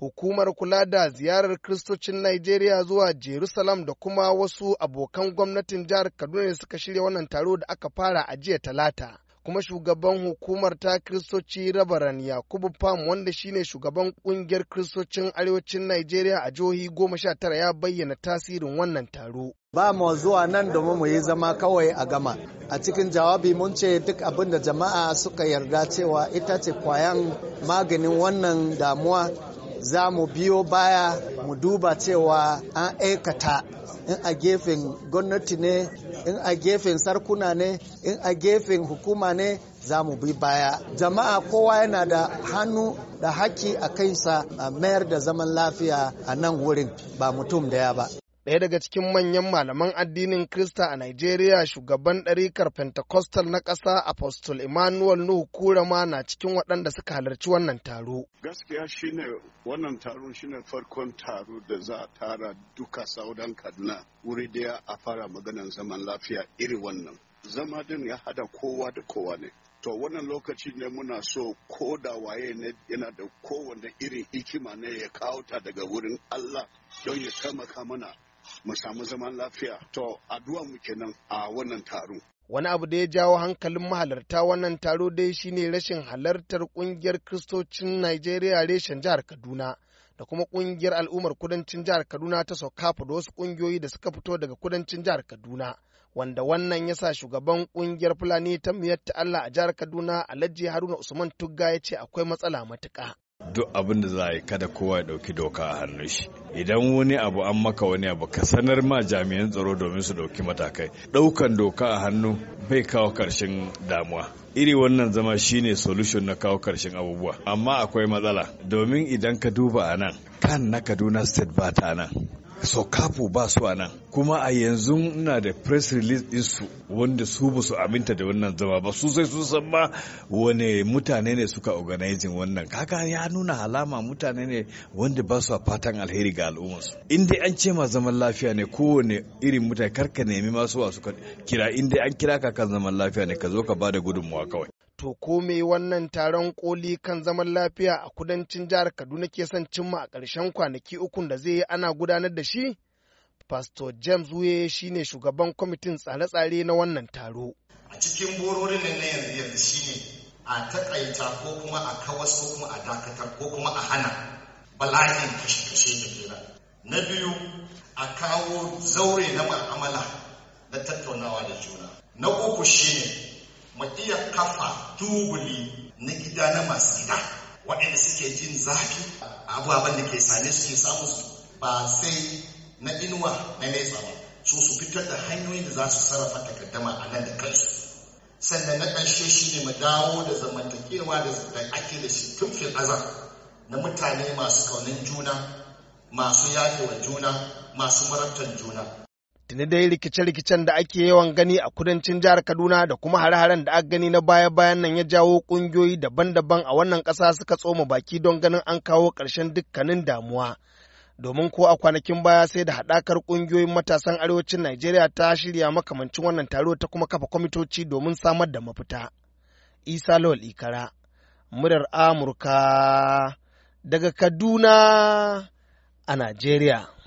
hukumar kula da ziyarar kristocin Najeriya zuwa Jerusalem da kuma wasu abokan gwamnatin jihar Kaduna ne suka shirya wannan taro da aka fara a jiya talata. kuma shugaban hukumar ta kristoci rabaran yakubu pam wanda shine shugaban kungiyar kristocin arewacin Najeriya a jihohi goma sha tara ya bayyana tasirin wannan taro ba mu zuwa nan domin mu yi zama kawai a gama a cikin jawabi mun ce duk abin da jama'a suka yarda cewa ita ce kwayan maganin wannan damuwa za mu biyo baya mu duba cewa an aikata in a gefen gwamnati ne in a gefen sarkuna ne in a gefen hukuma ne za mu bi baya jama'a kowa yana da hannu da haki a kansa a mayar da zaman lafiya a nan wurin ba mutum daya ba ɗaya daga cikin manyan malaman addinin Krista a Najeriya shugaban ɗarikar Pentecostal na ƙasa Apostle Emmanuel Nuhu Kurama na cikin waɗanda suka halarci wannan taro. Gaskiya shine wannan taro shine farkon taro da za a tara duka saudan Kaduna wuri daya a fara maganar zaman lafiya iri wannan. Zama din ya hada kowa da kowa ne. to wannan lokaci ne muna so ko da waye ne yana da kowane irin hikima ne ya kawo ta daga wurin Allah don ya taimaka mana mu samu zaman lafiya to addu'a mu kenan a wannan taro wani abu da ya jawo hankalin mahalarta wannan taro dai shine rashin halartar kungiyar kristocin Najeriya reshen jihar Kaduna da kuma kungiyar al'ummar kudancin jihar Kaduna ta Sokafa da wasu kungiyoyi da suka fito daga kudancin jihar Kaduna wanda wannan ya sa shugaban kungiyar Fulani ta miyar Allah a jihar Kaduna Alhaji Haruna Usman Tugga ya ce akwai matsala matuƙa. duk abin da za a yi kada kowa ya ɗauki doka a hannun shi idan wani abu an maka wani abu ka sanar ma jami'an tsaro domin su ɗauki matakai ɗaukan doka a hannu bai kawo ƙarshen damuwa iri wannan zama shine solution na kawo ƙarshen abubuwa amma akwai matsala domin idan ka duba a nan kan na kaduna state ba ta nan sokafu ba su a nan kuma a yanzu na da press release ɗinsu wanda su ba su aminta da wannan zama ba su sai sun san ma wane mutane ne suka organizing wannan kaka ya nuna halama mutane ne wanda ba su fatan alheri ga al'ummarsu inda an ce ma zaman lafiya ne kowane irin mutane karka nemi masu wasu kira inda an kira ka kan zaman lafiya ne ka zo ka ba da gudunmuwa kawai To ko me wannan taron koli kan zaman lafiya a kudancin jihar Kaduna ke son cimma a ƙarshen kwanaki ukun da zai yi ana gudanar da shi? Pastor James Wuye shine shugaban kwamitin tsare-tsare na wannan taro. A cikin bororin na yanzu yanzu shine a takaita ko kuma a kawas ko kuma a dakatar ko kuma a hana bala'in kashe-kashe da kera. Na biyu a kawo zaure na ma'amala na tattaunawa da juna. Na uku shine mu iya kafa tubuli na gida na masu gida waɗanda suke jin zafi abubuwan da ke sane suke samun su ba sai na inuwa na nesa ba su su fitar da hanyoyin da za su sarrafa takaddama a nan da kansu sannan na ƙarshe shi ne mu dawo da zamantakewa da ake da shi tun fil azar na mutane masu kaunin juna masu yafewa juna masu marabtan juna tuni dai rikice-rikicen da ake yawan gani a kudancin jihar kaduna da kuma hare-haren da aka gani na baya-bayan nan ya jawo ƙungiyoyi daban-daban a wannan ƙasa suka tsoma baki don ganin an kawo ƙarshen dukkanin damuwa domin ko a kwanakin baya sai da haɗakar ƙungiyoyin matasan arewacin najeriya ta shirya makamancin wannan taro ta kuma kafa kwamitoci domin samar da mafita isa lawal ikara murar amurka daga kaduna a najeriya